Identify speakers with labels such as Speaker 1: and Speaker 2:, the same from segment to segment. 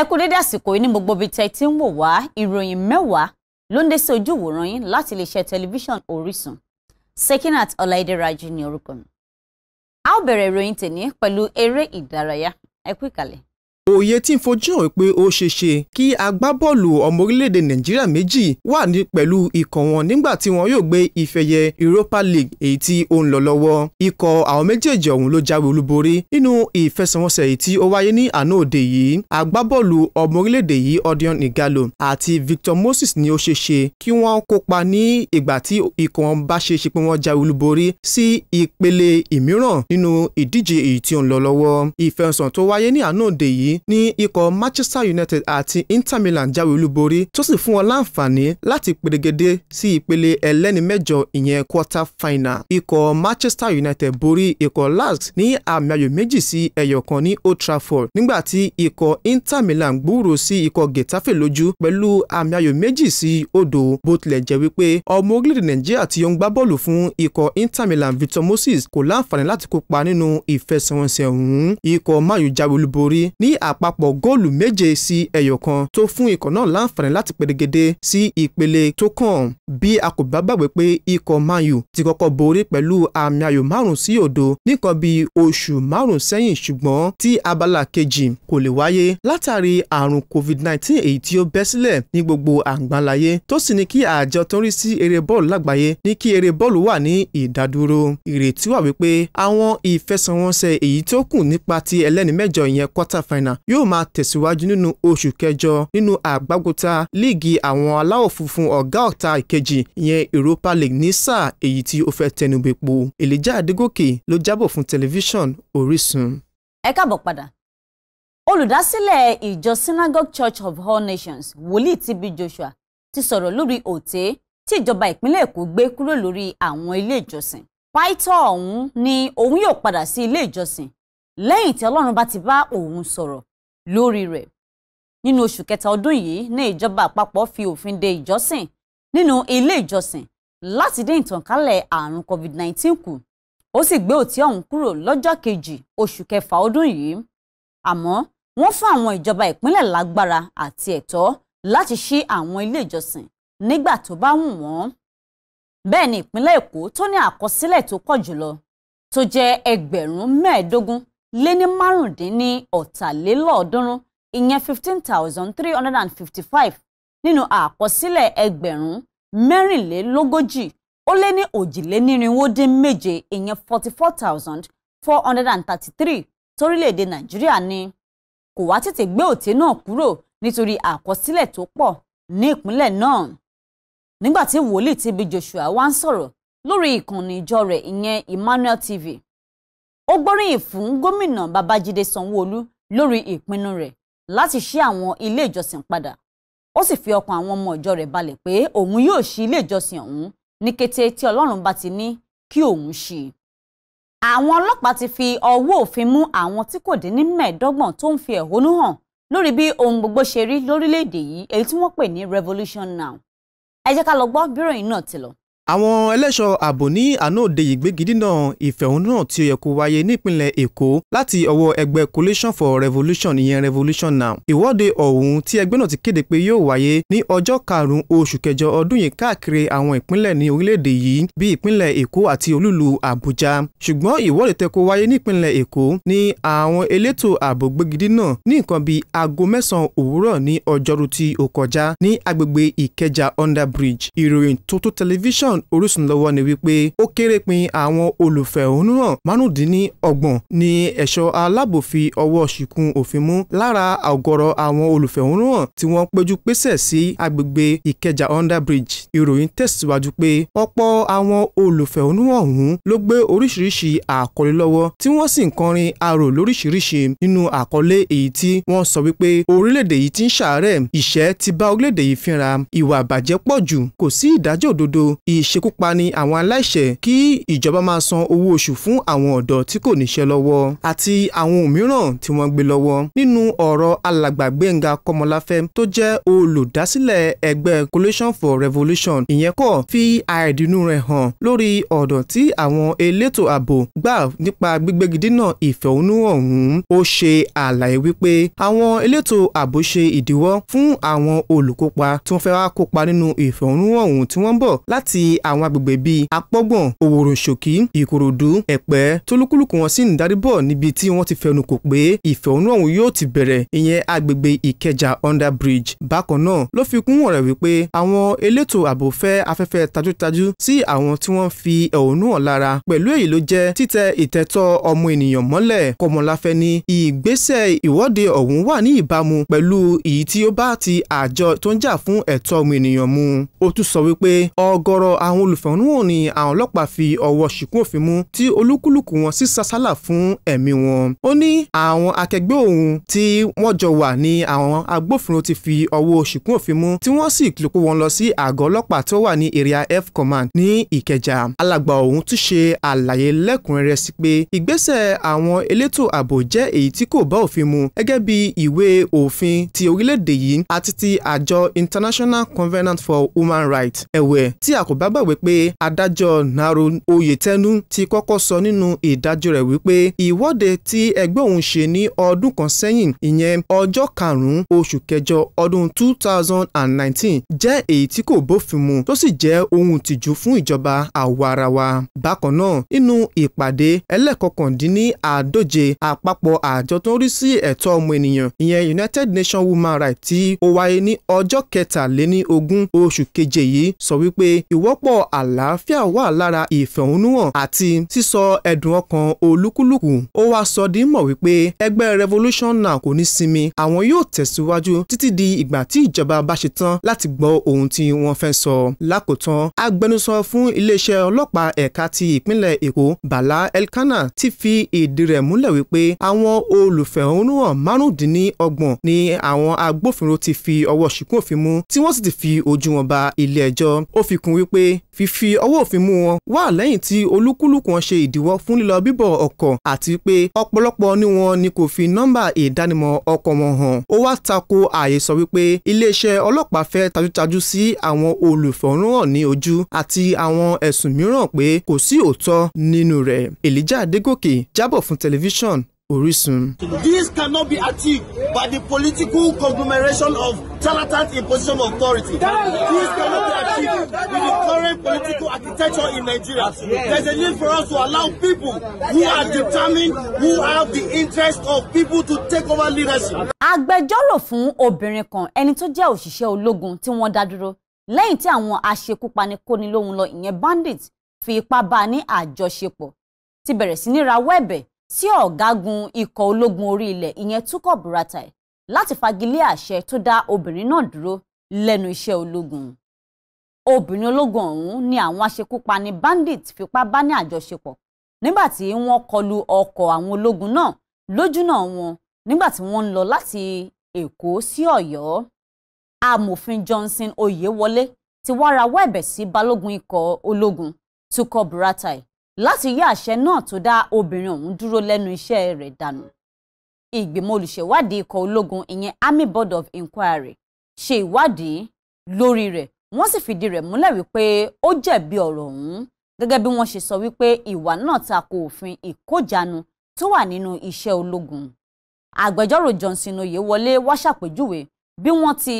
Speaker 1: ẹ kú dédé àsìkò yìí ní gbogbo ibi tẹ́ ti ń wò wá ìròyìn mẹ́wàá ló ń dé sí ojú ìwòran yín láti iléeṣẹ́ tẹlifíṣàn Orísun Sekinat Ọláìdẹ́rajì ní orúkọ mi. a ó bẹ̀rẹ̀ ìròyìn tèmi pẹ̀lú eré ìdárayá ẹ kú ìkàlẹ̀
Speaker 2: òye tí ń fojú hàn pé ó ṣeé ṣe kí agbábọ́ọ̀lù ọmọ orílẹ̀-èdè nàìjíríà méjì wà ní pẹ̀lú ikọ̀ wọn nígbà tí wọn yóò gbé ìfẹ̀yẹ europa league èyí tí ó ń lọ lọ́wọ́ ikọ̀ àwọn méjèèjì ọ̀hún ló jáwé olúborí nínú ìfẹsẹ̀wọnsẹ̀ èyí tí ó wáyé ní àná òde yìí agbábọ́ọ̀lù ọmọ orílẹ̀-èdè yìí odion igalo àti victor moses ni ó ṣeé ṣe kí wọ́n kópa ní ìgbà tí ikọ̀ wọn bá ṣeé ṣe pé wọ́n jáwé olúborí sí ìpele ìmíràn nínú ìdíje èyí tí ó ń lọ lọ́wọ́ ìfẹsẹ̀wọnsẹ̀ tó wáyé ní àná òde yìí ní ikọ̀ Manchester United àti Inter Milan jáwé olúborí tó sì fún wọn láǹfààní láti pèrègede sí ìpele ẹlẹ́ni mẹ́jọ ìyẹn quarter final ikọ̀ Manchester United borí ikọ̀ last ní àmì ayò méjì sí ẹyọ kan ní Old Trafford nígbà tí ikọ̀ Inter Milan gbúrò sí ikọ̀ Getafe lójú pẹ̀lú àmì ayò méjì sí odò bó tilẹ̀ jẹ́ wípé ọmọ orílẹ̀-èdè Nàìjíríà tí ó ń bọ́ọ̀lù fún ikọ̀ Inter Milan Victor Moses kò láǹfààní láti kópa nínú ìfẹsẹ̀wọnsẹ̀ ọ̀hún ikọ̀ mayu àpapọ̀ góòlù méje sí ẹyọ kan tó fún ikọ̀ náà láǹfààní láti perégedé sí ìpele tó kàn bí a kò bá gbàgbé pé ikọ̀ Man U ti kọ́kọ́ borí pẹ̀lú àmì ayò márùn sí òdo nìkan bí oṣù márùn sẹ́yìn ṣùgbọ́n tí abala kejì kò lè wáyé látàrí àrùn covid-19 èyí tí ó bẹ́ sílẹ̀ ní gbogbo àgbáláyé tó sì ní kí àjọ tó ń rí sí eré bọ́ọ̀lù lágbàáyé ní kí eré bọ́ọ̀lù wà ní ìdádúró ìrètí wà wípé àwọn ìfẹsẹ̀wọnsẹ̀ èyí tó kù nípa ti ẹlẹ́ni mẹ́jọ ìyẹn quarter final Ghana yóò máa tẹ̀síwájú nínú oṣù kẹjọ nínú àgbágota líìgì àwọn aláwọ̀ funfun ọ̀gá ọ̀ta ìkejì ìyẹn Europa League ní sáà èyí tí ó fẹ́ tẹnubẹ́po Elijah Adégòkè ló jábọ̀ fún tẹlifíṣàn Orísun.
Speaker 1: ẹ káàbọ̀ padà olùdásílẹ̀ ìjọ Synagogue Church of All Nations wòlíì T.B. Joshua ti sọ̀rọ̀ lórí òté tí ìjọba ìpínlẹ̀ Èkó gbé kúrò lórí àwọn ilé ìjọsìn pásítọ̀ ọ̀hún ni òun yóò padà sí ilé ìjọsìn lẹ́yìn tí ọlọ́run bá ti bá òun sọ̀rọ̀ lórí rẹ̀ nínú oṣù kẹta ọdún yìí ní ìjọba àpapọ̀ fi òfin de ìjọsìn nínú ilé ìjọsìn láti dín ìtànkálẹ̀ àrùn covid-19 kù ó sì gbé òtí ọ̀hún kúrò lọ́jọ́ kejì oṣù kẹfà ọdún yìí àmọ́ wọ́n fún àwọn ìjọba ìpínlẹ̀ lágbára àti ẹ̀tọ́ láti ṣí àwọn ilé ìjọsìn nígbà tó bá wù wọ́n bẹ́ẹ̀ ni ìpínlẹ̀ èkó tó ní àkọsílẹ̀ tó pọ̀ jùlọ tó jẹ́ ẹgbẹ̀rún mẹ́ẹ̀ẹ́dógún lé ní márùndínní ọ̀tàlélọ́ọ̀ọ́dúnrún ìyẹn fifteen thousand three hundred and fifty five nínú àkọsílẹ̀ ẹgbẹ̀rún mẹ́rìnlélógójì ó lé ní òjìlénírínwó dín méje ìyẹn forty four thousand four hundred and thirty three torílẹ̀-èdè nàìjíríà ni kò wá tètè gbé òté náà kúrò nítorí àkọsílẹ̀ tó pọ̀ ní ìpínlẹ̀ náà nígbà tí wòlíì TB Joshua wá ń sọ̀rọ̀ lórí ìkànnì ìjọ rẹ̀ ìyẹn Emmanuel TV ó gbóríyìn fún gómìnà babájídé sanwóolu lórí ìpinnu rẹ̀ láti ṣí àwọn ilé ìjọsìn padà ó sì fi ọkàn àwọn ọmọ ìjọ rẹ̀ balẹ̀ pé òun yóò ṣí ilé ìjọsìn ọ̀hún ní kété tí ọlọ́run bá ti ní kí òun ṣí i àwọn ọlọ́pàá ti fi ọwọ́ òfin mú àwọn tí kò dín ní mẹ́ẹ̀ẹ́dọ́gbọ̀n tó ń fi ẹ̀hónú hàn lórí bí ohun gbogbo ṣe rí lórílẹ̀‐èdè yìí èyí tí wọ́n pè ní revolution now ẹ jẹ́ ká lọ gbọ́ bíròyìn náà ti lọ
Speaker 2: àwọn ẹlẹ́ṣọ́ ààbò ní àná òde ìgbégidínà ìfẹ̀hónúhàn tí ó yẹ kó wáyé nípínlẹ̀ Èkó láti ọwọ́ ẹgbẹ́ Coalition for Revolution ìyẹn Revolution Now ìwọ́de ọ̀hún tí ẹgbẹ́ náà ti kéde pé yóò wáyé ní ọjọ́ karùn-ún oṣù kẹjọ ọdún yìí káàkiri àwọn ìpínlẹ̀ ní orílẹ̀-èdè yìí bí ìpínlẹ̀ Èkó àti olúlu Àbújá ṣùgbọ́n ìwọ́de tẹ kó wáyé nípínlẹ̀ Èkó ní àwọn elétò ààbò gbégidínà ní nǹkan bíi aago mẹ́sàn-án òwúrọ̀ ní ọjọ́rú tí ó kọjá Under Bridge ìròyìn Tótó tẹlifíṣàn Television Orísun lọ́wọ́ ni wípé ó kéré pin àwọn olùfẹ̀hónúhàn márùndínlọ́gbọ̀n ni ẹ̀ṣọ́ aláàbò fi ọwọ́ ṣìkún òfin mú lára ọ̀gọ̀rọ̀ àwọn olùfẹ̀hónúhàn tí wọ́n péjú pésẹ̀ sí agbègbè Ìkẹjà bridge ìròyìn tẹ̀síwájú pé ọ̀pọ̀ àwọn olùfẹ̀hónúhàn ọ̀hún ló gbé oríṣiríṣi àkọlé lọ́wọ́ tí wọ́n sì ń kọrin arò lóríṣiríṣi nínú àkọlé èyí tí wọ́n sọ wípé orílẹ̀-èdè yìí ti ń ṣàárẹ̀ ìṣẹ́ ti bá orílẹ̀-èdè yìí fínra ìwà àbàjẹ́ pọ̀ jù kò sí ìdájọ́ òdodo ìṣ ìṣekúpani àwọn aláìṣẹ̀ kí ìjọba máa san owó oṣù fún àwọn ọ̀dọ́ tí kò níṣẹ́ lọ́wọ́ àti àwọn mìíràn tí wọ́n gbé lọ́wọ́ nínú ọ̀rọ̀ alàgbà Gbẹ́ngà Kọ́mọláfẹ́ tó jẹ́ olùdásílẹ̀ ẹgbẹ́ coalition for revolution ìyẹn kọ́ fi àìdùnnú rẹ̀ hàn lórí ọ̀dọ̀ tí àwọn elétò ààbò gbà nípa gbígbégidínà ìfẹ̀hónú ọ̀hún ó ṣe àlàyé wípé àwọn elétò ààbò ṣe ìdíwọ́ fún àwọn olùkópa tí wọ́n fẹ́ wá kópa nínú ìfẹ̀hónú ọ̀hún tí wọ́n ń bọ̀ láti àwọn agbègbè bíi apọ́gbọ̀n òwòrò ṣòkí ìkòròdú ẹ̀pẹ́ tó lúkúlùkù wọn sì ń darí bọ̀ níbi tí wọ́n ti fẹnu kò pé ìfẹ̀hónú ọ̀hún yóò ti bẹ̀rẹ̀ ìyẹn agbègbè ìkẹjà under bridge bákan náà ló fi kún ọ̀rọ̀ wípé àwọn elétò ààbò fẹ́ afẹ́fẹ́ tajútajú sí àwọn tí wọ́n fi ẹ̀hónú hàn lára pẹ̀lú èyí ló jẹ́ títẹ ìtẹ́tọ́ ọmọ ènìyàn mọ́lẹ̀ kọmọláfẹ́ ní ìgbésẹ̀ ìwọ́de ọ̀hún wà ní ìbámu pẹ̀lú èyí tí ó bá ti àjọ tó ń jà fún ẹ̀tọ́ ọmọ ènìyàn mu ó tún sọ wípé ọ̀gọ̀rọ̀ àwọn olùfẹ̀hónúhàn ni àwọn ọlọ́pàá fi ọwọ́ ṣìkún òfin mú tí olúkúlùkù wọn sì sásálà fún ẹ̀mí wọn. ó ní àwọn akẹgbẹ́ òun tí wọ́n jọ wà ní àwọn agbófinró ti fi ọwọ́ ṣìkún òfin mú tí wọ́n sì kílùkù wọn lọ sí àgọ́ ọlọ́pàá tó wà ní area f command ní ìkẹjà. alàgbà ọ̀hún tún ṣe àlàyé lẹ́kùnrẹ́rẹ́ sí pé ìgbésẹ̀ àwọn elétò ààbò jẹ́ èyí tí kò bá òfin mu gẹ́gẹ́ bí ìwé òfin ti orílẹ̀-èdè yìí àti ti àjọ International Covenant for Human Rights ẹ̀wẹ̀ tí a kò bá gbàgbé pé adájọ́ naro oyetenu ti kọ́kọ́ sọ nínú ìdájọ́ rẹ̀ wípé ìwọ́de tí ẹgbẹ́ òun ṣe ní ọdún kan sẹ́yìn ìyẹn ọjọ́ karùn oṣù kẹjọ ọdún two thousand and nineteen jẹ́ èyí tí kò bófin mu tó sì jẹ́ ohun tìjú fún ìjọba àwarawa. bákan náà nínú ìpàdé ẹlẹ́kọkàndínníàádóje àpapọ̀ àjọ tó ń rí sí ẹ̀tọ́ ọmọ ènìyàn ìyẹn United Nations Women Rights tí ó wáyé ní ọjọ́ kẹtàléní ogún oṣù keje yìí sọ wípé ìwọ́ ìfọwọ́sowọ́pọ̀ àlàáfíà wà lára ìfẹ̀hónúhàn àti sísọ ẹ̀dùn ọkàn olúkúlùkù ó wá sọ di mọ̀ wípé ẹgbẹ́ revolution now kò ní sinmi àwọn yóò tẹ̀síwájú títí di ìgbà tí ìjọba bá ṣe tán láti gbọ́ ohun tí wọ́n fẹ́ sọ lákòótán agbẹnusọ fún iléeṣẹ́ ọlọ́pàá ẹ̀ka ti ìpínlẹ̀ èkó bala elkana ti fi ìdí rẹ̀ múlẹ̀ wípé àwọn olùfẹ̀hónúhàn márùndínlọ́gbọ̀n ni àwọn agbófinró ti fi ọwọ́ ṣìkún òfin mú tí wọ́n sì fífi ọwọ́ òfin mú wọn wà lẹ́yìn tí olúkúlùkù wọn ṣe ìdíwọ́ fún lílọ bíbọ̀ ọkọ̀ àti pé ọ̀pọ̀lọpọ̀ ní wọn ni kò fi nọ́mbà ìdánimọ̀ ọkọ̀ wọn hàn ó wá tako àhesọ wípé iléeṣẹ́ ọlọ́pàá fẹ́ tajútajú sí àwọn olùfọ̀rọ̀hàn ní ojú àti àwọn ẹ̀sùn mìíràn pé kò sí òótọ́ nínú rẹ̀ Elijah Adegoke jábọ̀ fún tẹlifíṣàn Orísun. This cannot be achieved by the political conglomeration of charlatans in position of authority. This cannot be achieved with the current political architecture in Nigeria. There is a need for us to allow people who are determined, who
Speaker 3: have the interest
Speaker 1: of people to take over leadership. Agbẹjọ́rò fún obìnrin kan ẹni tó jẹ́ òṣìṣẹ́ ológun tí wọ́n dá dúró lẹ́yìn tí àwọn aṣekúpani kóni lóhun lọ ìyẹn bandit fi ipá bá a ní àjọṣepọ̀ ti bẹ̀rẹ̀ sí ní rawọ́ ẹ̀bẹ̀ sí ọ̀gágun ikọ̀ ológun orí ilẹ̀ ìyẹn Tukur Buratai láti fagilé àṣẹ tó dá obìnrin náà dúró lẹ́nu iṣẹ́ ológun obìnrin ológun ọ̀hún ni àwọn aṣekúpani bandit fipá bá ní àjọṣepọ̀ nígbà tí wọ́n kọlu ọkọ̀ àwọn ológun náà lójúnà wọn nígbà tí wọ́n ń lọ láti Èkó sí Ọ̀yọ́ amòfin Johnson Oyèwọlé ti wá rawọ́ ẹ̀bẹ̀ sí balógun ikọ̀ ológun Tukur Buratai láti yí àṣẹ náà tó dá obìnrin ọ̀hún dúró lẹ́nu iṣẹ́ rẹ̀ dànù. ìgbìmọ̀ olùṣèwádìí ikọ̀ ológun ìyẹn Army Board of Inquiry ṣe ìwádìí lórí rẹ̀ wọ́n sì fìdí rẹ̀ múlẹ̀ wípé ó jẹ̀bi ọ̀rọ̀ ọ̀hún gẹ́gẹ́ bí wọ́n ṣe sọ wípé ìwà náà tako òfin ìkójanu tó wà nínú iṣẹ́ ológun. àgbẹjọ́rò Johnson Oyewole wá ṣàpèjúwe bí wọ́n ti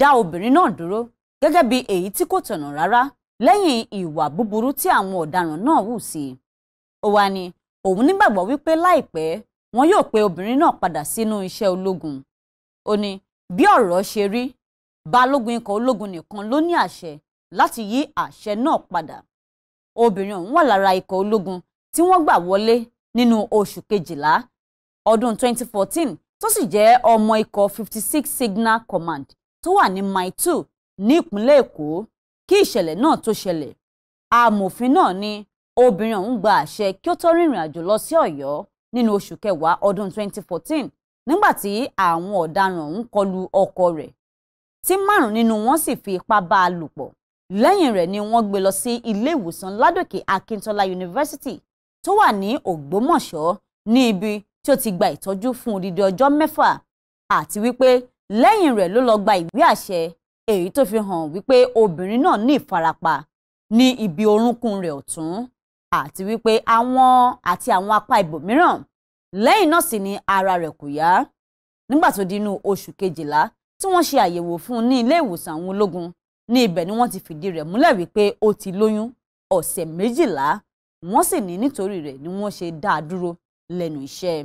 Speaker 1: dá obìnrin náà dúró gẹ́gẹ́ bí èyí tí kò tọ̀nà rárá lẹ́yìn ìwà búburú tí àwọn ọ̀daràn náà hù sí i ó wá ní òun nígbàgbọ́ wípé láìpẹ́ wọn yóò pe obìnrin náà padà sínú iṣẹ́ ológun ó ní bí ọ̀rọ̀ ṣe rí balógun ikọ̀ ológun nìkan ló ní àṣẹ láti yí àṣẹ náà padà obìnrin ọ̀hún wà lára ikọ̀ ológun tí wọ́n gbà wọlé nínú oṣù kejìlá ọdún 2014 tó sì jẹ́ ọmọ ikọ̀ 56 Signal Command tó wà ní Mile 2 ní ìpínlẹ̀ Èkó kí ìṣẹ̀lẹ̀ náà tó ṣẹlẹ̀ amòfin náà ní obìnrin ọ̀hún gba àṣẹ kí ó tó rìnrìn àjò lọ sí Ọ̀yọ́ nínú oṣù kẹwàá ọdún 2014 nígbà tí àwọn ọ̀daràn ọ̀hún kọlu ọkọ rẹ̀ tí márùn nínú wọn sì fi ipá bá a lò pọ̀ lẹ́yìn rẹ̀ ni wọ́n gbé lọ sí ilé ìwòsàn Ládòkè Akíntọ́lá University tó wà ní Ògbómọ̀ṣọ́ ní ibi tí ó ti gba ìtọ́jú fún odidi ọjọ́ mẹ́fà àti wípé lẹ́yìn rẹ̀ ló lọ gba ìwé àṣẹ èyí tó fi hàn wípé obìnrin náà ní ìfarapa ní ibi orúnkún rẹ̀ ọ̀tún àti wípé àwọn àti àwọn apá ibòmíràn lẹ́yìn náà sì ni ara rẹ̀ kò yá nígbà tó di inú oṣù kejìlá tí wọ́n ṣe àyẹ̀wò fún un ní ilé ìwòsàn àwọn ológun ní ibẹ̀ ni wọ́n ti fìdí rẹ̀ múlẹ̀ wípé ó ti lóyún ọ̀sẹ̀ méjìlá wọ́n sì ní nítorí rẹ̀ ni wọ́n ṣe dá a dúró lẹ́nu iṣẹ́.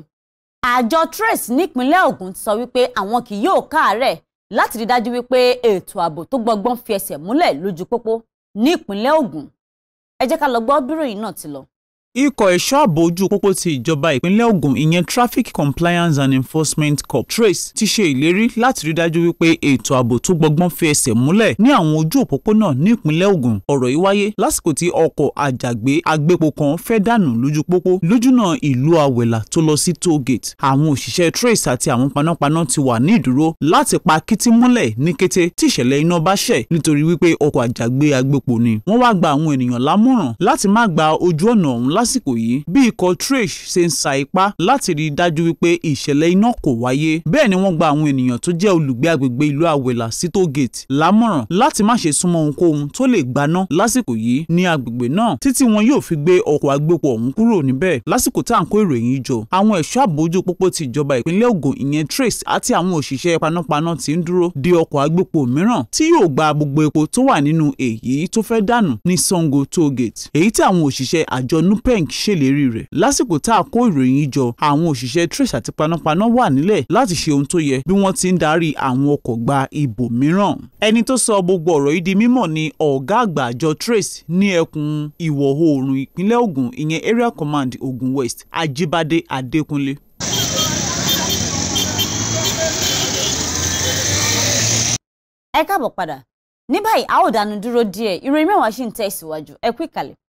Speaker 1: àjọ trace nípínlẹ̀ Ògùn sọ wípé àwọn kì yóò káàárẹ̀ láti rí dájú wípé ètò ààbò tó gbọgbọ́n fi ẹsẹ̀ múlẹ̀ lójú pópó ní ìpínlẹ̀ Ògùn ẹ jẹ́ ká lọ gbọ́ bíròyìn náà ti lọ
Speaker 3: ikọ̀ ẹ̀ṣọ́ ààbò ojú pópó ti ìjọba ìpínlẹ̀ Ògùn ìyẹn Traffic Compliance and Enforcement Corps TRACE ti ṣe ìlérí láti rí dájú wípé ètò ààbò tó gbọgbọ́n fi ẹsẹ̀ múlẹ̀ ní àwọn ojú òpópónà ní ìpínlẹ̀ Ògùn ọ̀rọ̀ yìí wáyé lásìkò tí ọkọ̀ àjàgbé agbépo kan fẹ́ dànù lójú pópó lójúnà ìlú Àwẹ̀là tó lọ sí toll gate àwọn òṣìṣẹ́ TRACE àti àwọn panápaná ti wà ní ìdúró láti pa kìtì mọ́lẹ̀ ní kété tí ìṣẹ̀lẹ̀ iná bá ṣẹ̀ nítorí wípé ọkọ̀ àjàgbé agbépo ni wọ́n wá gba àwọn ènìyàn lámọ̀ràn láti má gba ojú ọ̀nà ọ̀hún lásìkò yìí bí ikọ̀ trish ṣe ń sa ipá láti rí i dájú wípé ìṣẹ̀lẹ̀ iná kò wáyé bẹ́ẹ̀ ni wọ́n gba àwọn ènìyàn tó jẹ́ olùgbé agbègbè ìlú àwẹ̀là sí tógèètì lámọ̀ràn láti má ṣe súnmọ́ ohunkóhun tó lè gbaná lásìkò yìí ní agbègbè náà títí wọn yóò fi gbé ọkọ̀ agbépo ọ̀hún kúrò níbẹ̀ lásìkò tá à ń kó ìròyìn jọ àwọn ẹ̀ṣọ́ àbójú pópó ti ìjọba ìpínlẹ̀ Ògùn ìyẹn trace àti àwọn òṣìṣẹ́ panápaná ti ń dúró de ọkọ̀ agbépo mìíràn tí yóò gba gbogbo epo tó wà nínú èyí tó fẹ́ dànù ní Sango toll gate èyí tí àwọn òṣìṣẹ́ àjọ nup Peng ṣèlérí rẹ̀. Lásìkò tá a kó ìròyìn yìí jọ, àwọn òṣìṣẹ́ Trace àti panápaná wà nílẹ̀ láti ṣe ohun tó yẹ bí wọ́n ti ń darí àwọn ọkọ̀ gba ibòmíràn. Ẹni tó sọ gbogbo ọ̀rọ̀ yìí di mímọ̀ ni ọ̀gá àgbà àjọ Trace ní ẹkùn ìwọ̀ oòrùn ìpínlẹ̀ Ògùn ìyẹn Area Command Ògùn West Ajíbádé Adékúnlé.
Speaker 1: ẹ káàbọ̀ padà ní báyìí a ó dánu dúró díẹ̀ ìròyìn mẹ́wàá ṣì ń tẹ̀síwájú ẹ kú ìkàlẹ̀.